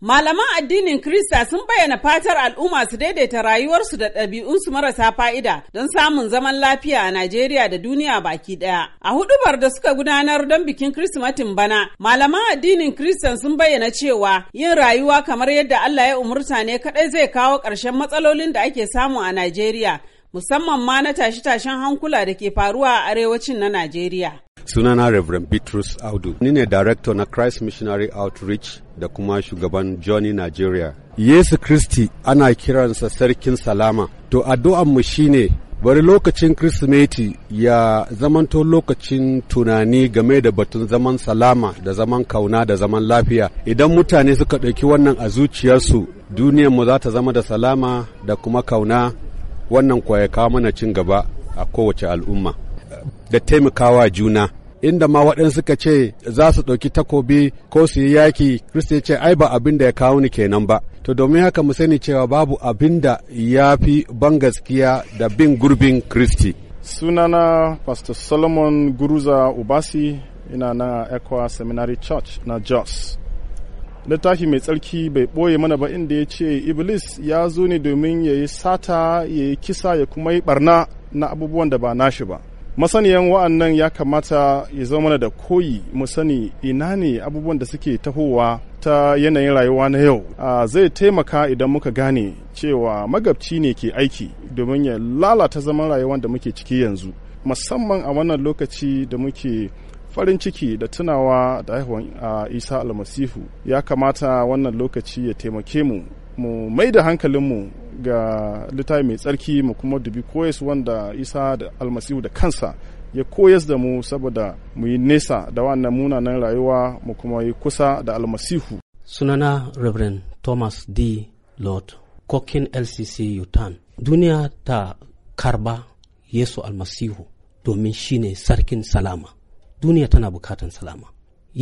Malaman addinin Krista sun bayyana fatar al'umma su daidaita rayuwarsu da ɗabi'unsu marasa fa'ida don samun zaman lafiya a Najeriya da duniya baki ɗaya. A hudubar da suka gudanar don bikin Kirsimatin bana, malaman addinin Kristan sun bayyana cewa yin rayuwa kamar yadda Allah ya umurta ne kaɗai zai kawo ƙarshen matsalolin da ake samu a Najeriya. musamman ma na tashe-tashen hankula da ke faruwa a arewacin na Najeriya. Sunana Reverend Bitrus Audu. Ni ne director na Christ Missionary Outreach da kuma shugaban Johnny Nigeria. Yesu Kristi ana kiransa Sarkin Salama. To addu'anmu shine bari lokacin Kirsimeti ya zamanto lokacin tunani game da batun zaman salama da zaman kauna da zaman lafiya. Idan mutane suka ɗauki wannan a zuciyarsu, duniyarmu za ta zama da salama da kuma kauna wannan kwaya kawo mana cin gaba a kowace al'umma. da taimakawa juna inda ma waɗansu suka ce za su ɗauki takobi ko su yi yaki kristi ya ce ai ba abin da ya kawo ni kenan ba to domin haka mu sani cewa babu abin da ya fi ban gaskiya da bin gurbin kristi sunana pastor solomon guruza ubasi ina na Ekwa seminary church na jos littafi mai tsarki bai ɓoye mana ba inda ya ce iblis ya zo ne domin ya yi sata ya yi kisa ya kuma yi barna na abubuwan da ba nashi ba masaniyan wa'annan ya kamata ya zama mana da koyi mu sani ina ne abubuwan da suke tahowa ta yanayin rayuwa na yau zai taimaka idan muka gane cewa magabci ne ke aiki domin ya lalata zaman rayuwar da muke ciki yanzu musamman a wannan lokaci da muke farin ciki da tunawa da haihuwan isa almasihu ya kamata wannan lokaci ya taimake mu mu mai da hankalinmu ga littafi mai tsarki mu kuma dubi koyas wanda isa da almasihu da kansa ya koyas da mu saboda mu yi nesa da wannan munanan rayuwa mu kuma yi kusa da almasihu sunana reverend thomas d lord kokin lcc utan duniya ta karba yesu almasihu domin shine sarkin salama duniya tana bukatan salama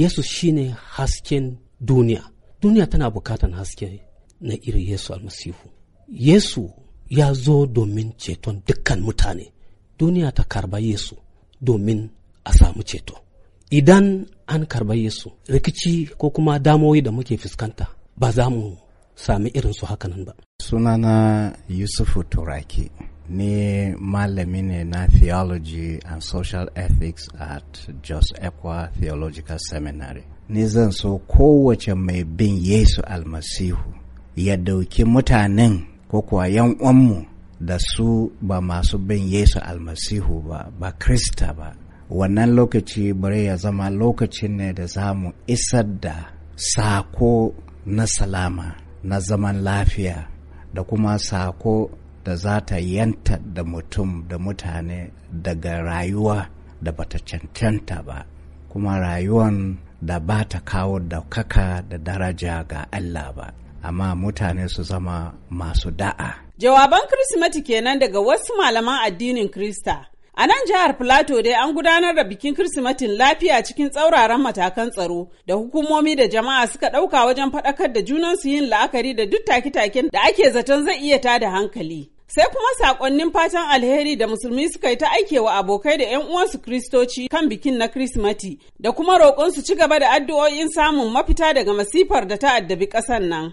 yesu shine hasken duniya duniya tana bukatan haske na iri yesu almasihu Yesu ya zo domin ceton dukkan mutane, duniya ta karba Yesu domin a samu ceto. Idan an karba Yesu, rikici ko kuma damoyi da muke fuskanta ba za mu sami irin su hakanan ba. Sunana yusuf Turaki. ni malami ne na theology and social ethics at Jos Ekwa Theological Seminary. Ni zan so kowace mai bin Yesu almasihu ya dauki mutanen ko kuwa yan uwanmu da su ba masu bin Yesu almasihu ba ba Krista ba wannan lokaci bare ya zama lokacin ne da za mu isar da sako na salama na zaman lafiya da kuma sako da za ta yanta da mutum da mutane daga rayuwa da bata cancanta ba kuma rayuwan da ba ta kawo da kaka da daraja ga Allah ba amma mutane su zama masu da'a. Jawaban Kirsimeti kenan daga wasu malaman addinin Krista. A nan jihar Filato dai an gudanar da bikin Kirsimetin lafiya cikin tsauraran matakan tsaro da hukumomi da jama'a suka ɗauka wajen faɗakar da junan su yin la'akari da duk take-taken da ake zaton zai iya tada hankali. sai kuma saƙonnin fatan alheri da musulmi suka yi ta aikewa abokai da 'yan uwansu kristoci kan bikin na Kirsimeti da kuma roƙon su ci gaba da addu'o'in samun mafita daga masifar da ta addabi ƙasar nan.